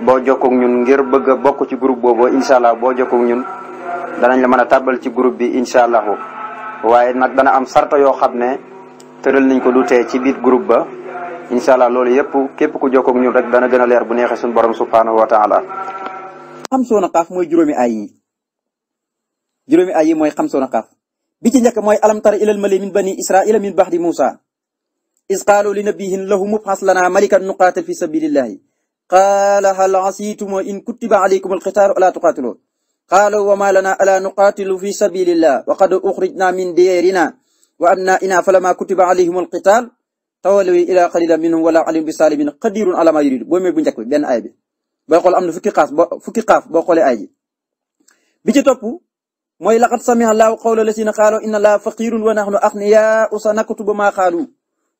boo jokkoog ñun ngir bëgg a bokk ci groupe boobu incha allah boo jokkoog ñun danañ la mën a tàbbal ci groupe bi incha allahu waaye nag dana am sarta yoo xam ne tëral nañ ko du tee ci biir groupe ba incha allah loolu yëpp képp ku jokkoog ñun rek dana gën leer bu neexee suñu borom subhaanahu wa taala xam soona xaaf mooy juróomi ay yi juróomi ay yi mooy xam soona xaaf bi ci njëkk mooy alam tara ilal mali min bani israila min baxdi muusa is qaalu li nabiyin lahu mubxas lana malikan nuqaatil fi sabilillahi qaala hal asiitum in kutiba alaykum alqitaalu alaa tuqaatiluu qaaluu wa maa lanaa alaa nuqaatilu fi sabiilillaah wa qad uxrijnaa min diyaarina wa abnaa'inaa falamaa kutiba alayhim alqitaal tawallaw ilaa qaliilin minhum wa laa aliimun bizaalimiin qadiirun alaa maa yuriid boo mee bu njëkk bi benn aay bi booy xool am na fukki xaaf boo fukki xaaf boo xoolee aay ji bi ci topp mooy laqad sami'a llaahu qawla llaziina qaaluu inna llaaha faqiirun wa nahnu aghniyaa'u sanaktubu maa qaaluu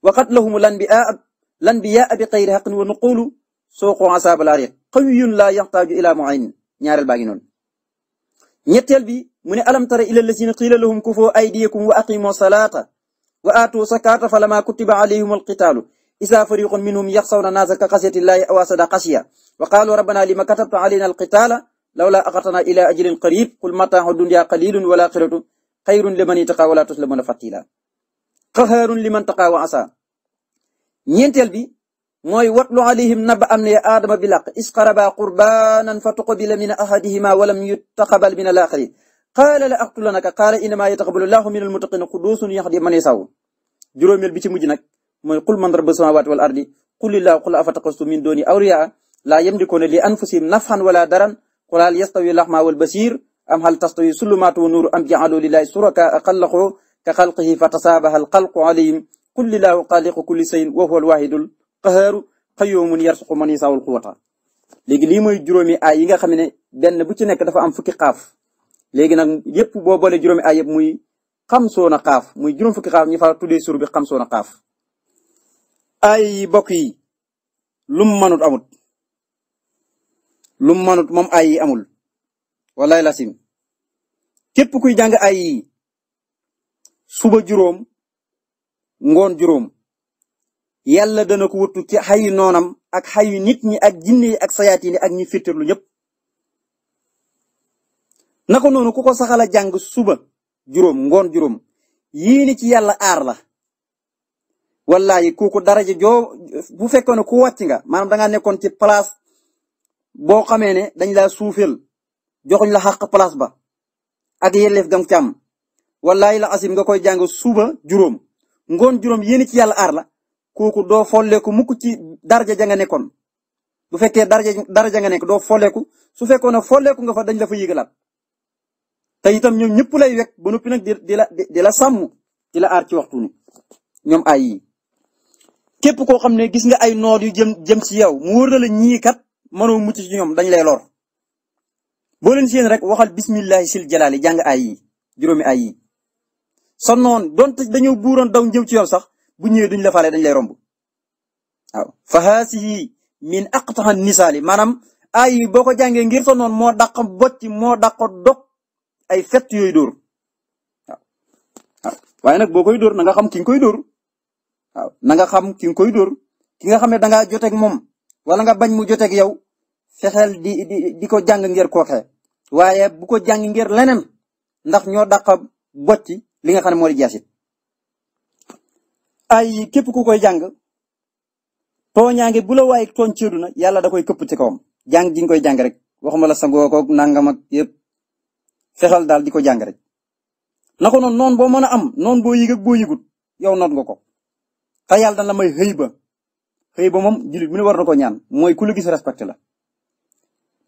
wa qatlahumul anbiyaa' bi xayri haqqin wa nuqulu suuqu asaabal ariiq qawiyun laa yaxtaaju ilaa muayyin ñaareel baa ngi noonu ñetteel bi mu ne alam tara ila lazina qiila lahum kufuu aydiyakum wa aqiimu salaata wa aatu zakaata falammaa kutiba alayhim alqitaalu izaa fariiqun minhum yaxshawna naasa ka xashyati llaahi aw ashadda xashya wa qaaluu rabbanaa lima katabta alaynaa alqitaala lawlaa axxartanaa ilaa ajalin qariib qul mataa'u dunyaa qaliilun wal aaxiratu xayrun liman ittaqaa wa laa tuzlamuuna fatiilaa qahaarun liman taqaa wa asaa ñeenteel bi mooy watlu alayhim naba am ne aadama bi isqaraba qurbanan fa tuqbila min ahadihima walam yutaqabal min alaaxari qaala la aqtulanaka qaala innamaa yataqabbalu llaahu min almuttaqiina quduusun yahdi man yasaa juróomeel bi ci mujj nag mooy qul man rabbu samaawaati wal ardi qulillaahu qul afattaxaztum min duunihi awliyaa laa yamlikuuna li anfusihim naf'an walaa daran qul hal yastawi al-a'maa wal basiir am hal tastawi az-zulumaatu wan-nuur am ja'aluu lillaahi shurakaa'a khalaquu a khalqihi fatasaabaha al-khalqu alayhim qul qaharu qayyumun yarsuqu man yasaawul quwata léegi lii mooy juróomi ay yi nga xam ne benn bu ci nekk dafa am fukki kaaf léegi nag yépp boo boole juróomi ay yëpp muy xamsoona kaaf muy juróom fukki xaaf ñi fa tuddee sur bi xamsoona xaaf ay yi yi lum manut amut lum manut moom ay amul wallaay lasim képp kuy jàng ay suba juróom ngoon juróom yàlla dana ko wuttu ci xayu noonam ak xayu nit ñi ak jinne ak sayaatin yi ak ñi fittirlu ñëpp naka noonu ku ko saxal a jàng suba juróom ngoon juróom yéene ci yàlla aar la wallahi kooku dara joo bu fekkoon ne ku wàcc nga maanaam da ngaa nekkoon ci place boo xamee ne dañ laa suufeel joxuñ la xàq place ba ak yelleef gam ci am wallahi la asim nga koy jàng suba juróom ngoon juróom yéene ci yàlla aar la kooku doo folleeku mukk ci daraja ja nga nekkoon bu fekkee daraja daraja nga nekk doo folleeku su fekkoon ne folleeku nga fa dañ la fa yëgalaat te itam ñoom ñëpp lay wekk ba noppi nag di la di la sàmm di la aar ci waxtu ñoom ay yi képp koo xam ne gis nga ay nood yu jëm jëm ci yow mu wóor na la ñii kat mënoo mucc ci ñoom dañ lay lor boo leen seen rek waxal bismillahi sil jalaali jàng ay yi juróomi ay yi. sa noon donte dañoo buuroon daw njëw ci yow sax bu ñëwee duñ la faale dañ lay romb waaw fa haasihi min aqtaha nisaali maanaam ay yi boo ko jàngee ngir sa noonu moo dàq bocci moo dàq dog ay fett yooyu a waaw waaw waaye nag boo koy dóor na nga xam ki nga koy dóor na nga xam ki nga koy dóor ki nga xam ne da ngaa joteeg moom wala nga bañ mu joteeg yow fexeel di di di ko jàng ngir kooxee waaye bu ko jàng ngir leneen ndax ñoo dàq bocci li nga xam ne moo di ay yi képp ku koy jàng tooñaange bu la waaye tooñ ci yàlla da koy këpp ci kawam jàng gi nga koy jàng rek ma la sangoo ko nanga ak yëpp fexeel daal di ko jàng rek. na ko noonu noonu boo mën a am noonu boo yëg ak boo yëgut yow noot nga ko te dana la may xëy ba xëy ba moom jullit mu ne war na ko ñaan mooy ku la gis respecté la.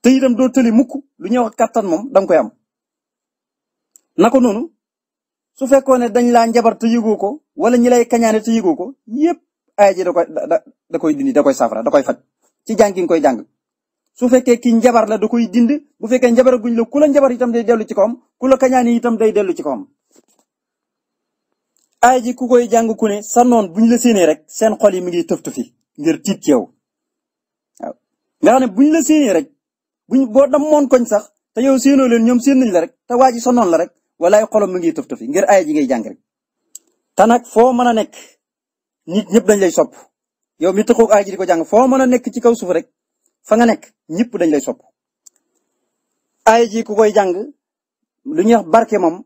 te itam doo tëli mukk lu ñuy wax kattan moom koy am. na ko noonu su fekkoon ne dañ laa njabar te yëgoo ko wala ñi kañaane te yëgoo ko yëpp aaya ji da koy da koy dindi da koy saafara da koy faj ci jàng gi nga koy jàng su fekkee ki njabar la da koy dind bu fekkee njabar guñ la ku la njabar tam day dellu ci kawam ku la kañaane itam day dellu ci kawam. ji ku koy jàng ku ne sa noon buñ la séenee rek seen xol yi mi ngi tëf tëfi ngir tiit ci yow waaw nga xam ne buñ la séenee rek buñ boo damoon koñ sax te yow séenoo leen ñoom séen nañ la rek te waa ji sa noon la rek walaay xolam mi ngi tëf tëfi ngir aaya ji ngay jàng te nag foo mën a nekk nit ñëpp dañ lay sopp yow mi taxaw aay ji di ko jàng foo mën a nekk ci kaw suuf rek fa nga nekk ñëpp dañ lay sopp aay ji ku koy jàng lu ñuy barke moom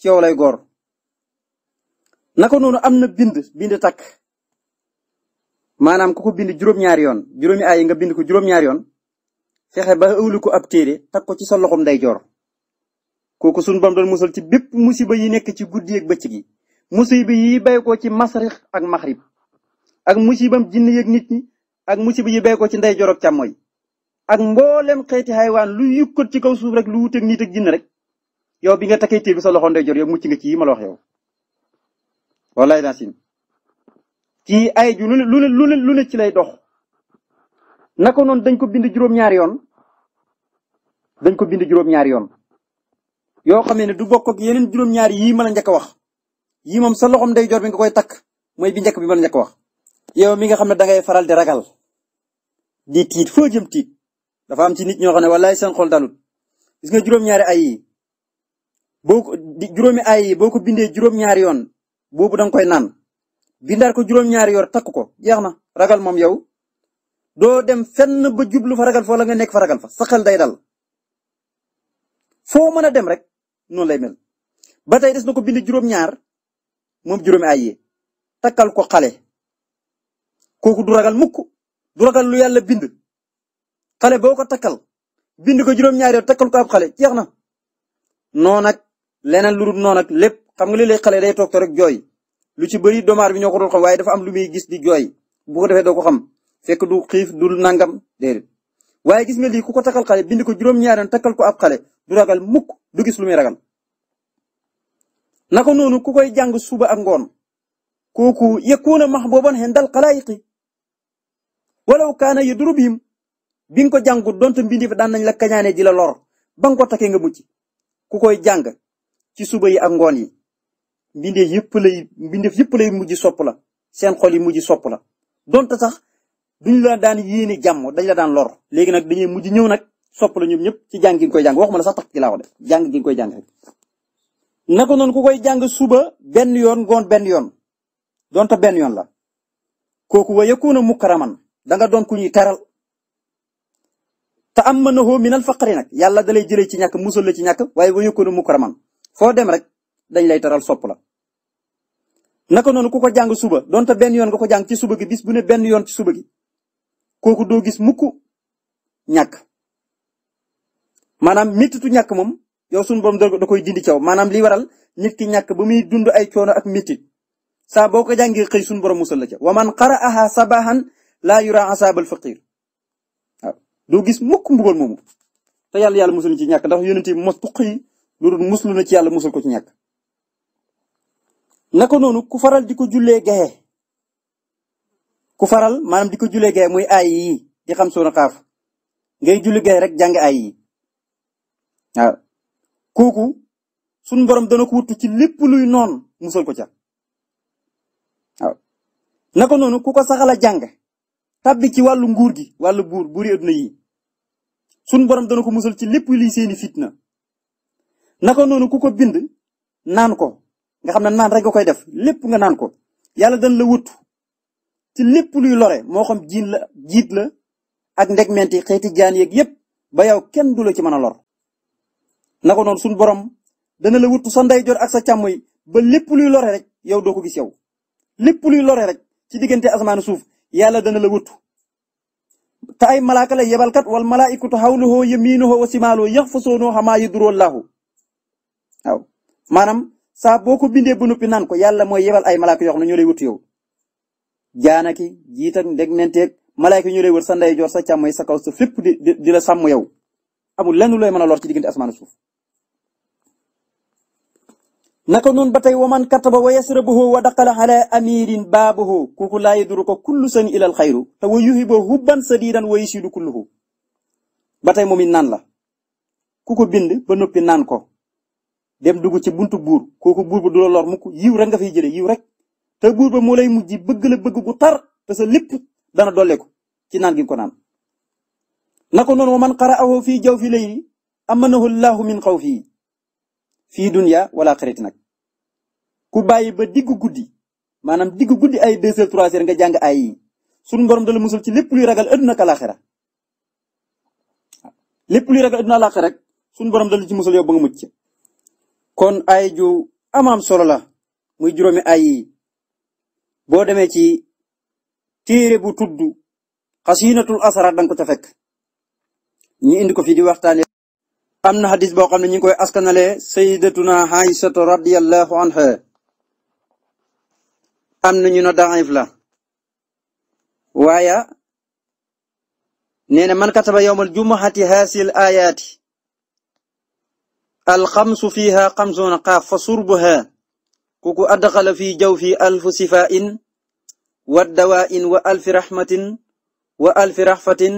ci yow lay góor naka noonu am na bind bind takk maanaam ku ko bind juróom-ñaari yoon juróomi aay nga bind ko juróom-ñaari yoon fexe ba ëwlu ko ab téere ko ci sa loxom day joor kooku sunu bam doon musal ci bépp musiba yi nekk ci guddi ak bëccëg yi musiba yi bay ko ci masrix ak maxrib ak musibam jinne yeeg nit ñi ak musiba yi bay ko ci ndey jorog càmmooy ak mboolem xeeti xaywaan lu yukkat ci kaw suuf rek lu wuteeg nit ak jinne rek yow bi nga takkee téye sa loxo ndey jor yow mucc nga ci yi la wax yow. wallaay naa sin kii ay ju lu ne lu ne lu ne ci lay dox naka noonu dañ ko bind juróom-ñaari yoon dañ ko bind juróom-ñaari yoon yoo xam ne du bokk ak yeneen juróom-ñaari yii ma la njëkk a wax. yii moom sa loxom day jor bi nga koy takk mooy bi njëkk bi mën njëkk wax. yow mi nga xam ne dangay faral di ragal di tiit foo jëm tiit dafa am ci nit ñoo xam ne wallaay seen xol dalut gis nga juróom-ñaari ay boo ko juróomi ay boo ko bindee juróom-ñaari yoon boobu danga koy naan bindaar ko juróom-ñaari yoon takk ko jeex na ragal moom yow doo dem fenn ba jublu fa ragal fa wala nga nekk fa ragal fa sa day dal foo mën a dem rek noonu lay mel. ba tey des na ko bind juróom-ñaar moom juróomi ay yi takkal ko xale kooku du ragal mukk du ragal lu yàlla bind xale boo ko takkal bind ko juróom-ñaari yoon ko ab xale jeex na. noonu nag leneen lu dul noonu nag lépp xam nga li xale day toog rek jooy lu bari bëri domaar bi ñoo ko doon xam waaye dafa am lu muy gis di jooy bu ko defee doo ko xam fekk du xiif du nangam déedéet. waaye gis nga lii ku ko takkal xale bind ko juróom-ñaari yoon takkal ko ab xale du ragal mukk du gis lu muy ragal. naka noonu ku koy jàng suba ak ngoon kooku yakuuna mahbuuban hindal xalaayiqi walaw kaana yaduru bihim bi nga ko jàngut donte mbindi fa daan nañ la kañaane di la lor ba nga ko takkee nga mucc ku koy jàng ci suba yi ak ngoon yi mbindeef yëpp lay mbindeef yëpp lay mujj sopp la seen xol yi mujj sopp la donte sax duñ la daan yéene jàmm dañ la daan lor léegi nag dañuy mujj ñëw nag sopp la ñoom ñëpp ci jàng gi koy jàng waxuma la sax tax ci laa def jàng gi koy jàng rek naka noonu ku koy jàng suba benn yoon ngoon benn yoon donte benn yoon la kooku wa yakuna mukraman da danga don ku ñuy taral te am mën na hoo minal faqri nag yàlla da lay jëlee ci ñàkk musal la ci ñàkk waaye wa yakuna mukraman foo dem rek dañ lay taral sopp la. naka noonu ku ko jàng suba donte benn yoon nga ko jàng ci suba gi bis bu ne benn yoon ci suba gi kooku do gis mukk ñàkk maanaam mititu ñàkk moom. yow suñu borom da koy dindi caw maanaam li waral nit ki ñàkk ba muy dund ay coono ak métit saa boo ko jàngee xëy suñu borom musal la ca wa man qara'aha sabahan laa yura asabal faqir waaw doo gis mukk mbugal moomu te yàlla yàlla musul ci ñàkk ndax yonent yi mos tuq yi ci yàlla musul ko ci ñàkk naka noonu ku faral di ko jullee gaye ku faral maanaam di ko jullee gaye muy aay yi di xam suuna ngay julli gaye rek jàng aay waaw kooku suñ borom dana ko wuttu ci lépp luy noon musal ko ca naka noonu ku ko saxal jàng tabbi ci wàllu nguur gi wàllu buur buuri adduna yi suñ borom dana ko musal ci lépp luy seeni na naka noonu ku ko bind naan ko nga xam ne naan rek nga koy def lépp nga naan ko yàlla dana la wuttu ci lépp luy lore moo xam jiin la jiit la ak ndegmenti xeeti gan yeeg yépp ba yow kenn du la ci mën a lor naka noonu suñu borom dana la wuttu sa ndeyjoor ak sa càmmoñ ba lépp luy lore rek yow doo ko gis yow lépp luy lore rek ci diggante asmaanu suuf yàlla dana la wuttu te ay malaaka la kat wal malaaikatu hawluhu yamiinuhu wa simaaluhu yaxfusuuna xamaa yuduroo laahu waaw maanaam saa boo ko bindee ba noppi naan ko yàlla mooy yebal ay malaaka yoo xam ne ñoo lay wuttu yow jaanaki jiit ak ndeg menteeg malaaka ñoo lay sa ndeyjoor sa càmmoñ sa kaw sa fépp di di la sàmm yow amu lenn looy mën a lor ci diggante asmaanu suuf naka noonu ba tey waman kataba wa yasrabuhu wa daqala ala amirin baabuhu kooku laa yaduru ko kullu sani ilal xayru te wa yuhibu hubban sadidan wa yusidu kulluhu ba tey moom it naan la ku ko bind ba noppi naan ko dem dugg ci buntu buur kooku buur ba du la lor mukk yiw rek nga fiy jëlee yiw rek te buur ba moo lay mujj bëgg la bëgg gu tar te sa lépp dana dolleeku ci naan gi nga ko naan. naka noonu wa man qara'ahu fii jawfi layli amanahu llahu min xawfi fii dunya wala xarit nag ku bàyyi ba diggu guddi maanaam diggu guddi ay 2 heures 3 heures nga jàng ay yi sunu borom dala musul ci lépp luy ragal adduna ak alaxira lépp luy ragal adduna alaxira rek sunu borom dala ci musul yow ba nga kon ay ju amam solo la muy juróomi ay yi boo demee ci téere bu tudd xasinatul asara danga ko ca fekk ñu indi ko fii di waxtaane am na xadis boo xam ne ñu ngi koy askanale sayyidatuna Aysata radiyallahu anha am na ñu ne daif la waaye nee na man kataba yowmal jumuati haasil ayaati alxamsu fiha xamsuuna qaaf fa surbuha kuku adxala fi jawfi alfu sifain wa dawain wa alfi raxmatin wa alfi raxfatin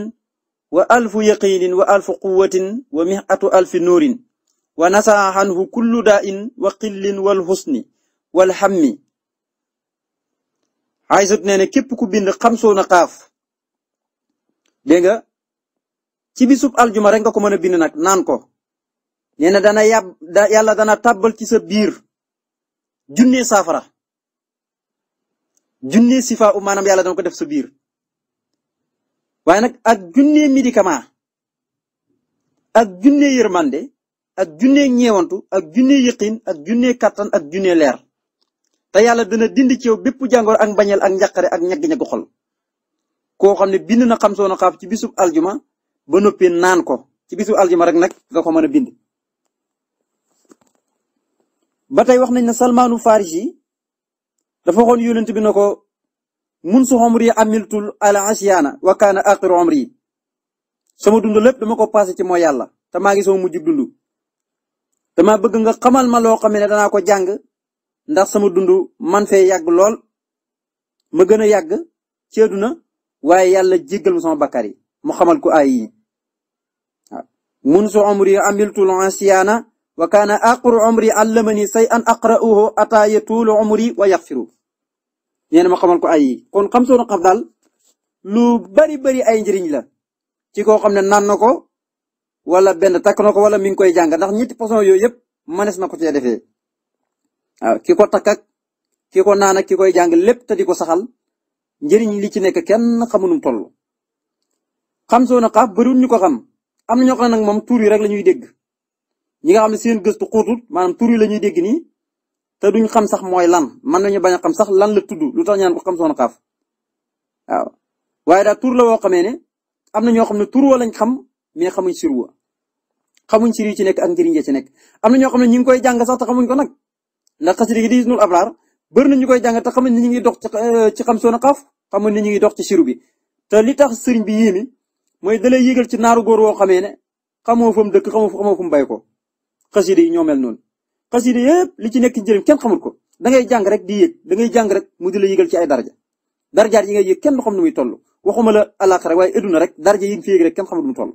wa alfu yaqinin wa alfu quwatin wa mixatu alfi nuurin wa nasaa xanhu kullu daa'in wa qillin wal xusni wal xammi Aysatu nee na képp ku bind xamsoona kaaf dégg nga ci bisub aljuma rek nga ko mën a bind nag naan ko nee na dana yàb yàlla dana tàbbal ci sa biir junne saafara junne sifa u maanaam yàlla dana ko def sa biir waaye nag ak junne médicament ak junne yërmande ak junne ñeewantu ak junne yëqin ak junne kattan ak junne leer te yàlla dana dind ci yow bépp jàngoor ak mbañeel ak njàqare ak ñagg-ñagg xol koo xam ne bind na xam soona xaaf ci bisub aljuma ba noppee naan ko ci bisub aljuma rek nag nga ko mën a bind ba tey wax nañ ne salmaanu farisi dafa waxoon yonent bi na ko mun su xomri amiltul al asiyaana wa kaana axiru sama dund lépp dama ko passé ci moo yàlla te maa ngi sama mujj dund dama bëgg nga xamal ma loo xam ne danaa ko jàng ndax sama dund man fee yàgg lool ma gën a yàgg ci àdduna waaye yàlla jéggal ma sama bakkaar yi mu xamal ko ay yi waaw mun su umri amiltul ansiyaana wa kaana aqru umri allamani say an aqra'uhu ataaya tuulu umri wa yaxfiru nee na ma xamal ko ay yi kon xam soo xam daal lu bari bari ay njëriñ la ci koo xam ne naan na ko wala benn takk na ko wala mi ngi koy jàng ndax ñetti façon yooyu yëpp mënees na ko cee defee waaw ah, ki ko takk ak ki ko naan ki koy jàng lépp te di ko saxal njëriñ li ci nekk kenn xamunum toll. xam soo na xaaf bëriwul ñu ko xam am na ñoo xam ne nag moom tur rek la ñuy dégg ñi xam ne seen gëstu xóotut maanaam tur la ñuy dégg nii te duñ xam sax lan mën nañu bañ a xam sax lan la tudd lu tax xam soo na xaaf waaye daal tur la woo xamee ne am na ñoo xam ne tur wa lañ xam mais xamuñ sirwa xamuñ sir yi ci nekk ak njëriñ ya ci nekk am na ñoo xam ne ñu ngi koy jàng sax te xamuñ ko nag ndax xasida gi di Hisnul Abraar bëri na ñu koy jàng te xamuñ ni ñu ngi dox ci eh, xam a xaaf xamuñ ni ñu ngi dox ci siru bi te li tax sëriñ bi yéemi mooy dalay yégal ci naaru góor woo xamee ne xamoo fa mu dëkk xamoo xamoo fu mu bay ko xasida yi ñoo mel noonu xasida yëpp li ci nekk njëriñ kenn xamul ko da ngay jàng rek di yëg da ngay jàng rek mu di la yégal ci ay daraja darajaat yi ngay yëg kenn du xam nu muy toll waxuma la alaxira waaye adduna rek daraja yi fi rek kenn xamul nu mu toll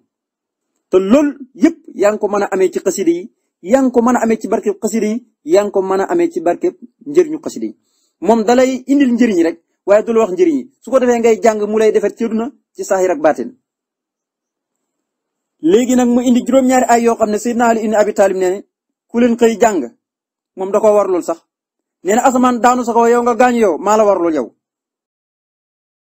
te loolu yëpp yaa ngi ko mën a amee ci xasida yi yaa ngi ko mën a amee ci barke xasida yi yaa ngi ko mën a amee ci barkeb njëriñu xasida yi moom dalay indil njëriñ rek waaye du la wax njëriñ yi su ko defee ngay jàng mu lay defar ci duna ci saahir ak baatin léegi nag mu indi juróom-ñaari ay yoo xam ne si Ali ibn Abi Talib nee ku leen xëy jàng moom da koo warlul sax nee na asamaan daanu sax kaw yow nga gaañu yow maa la warlul yow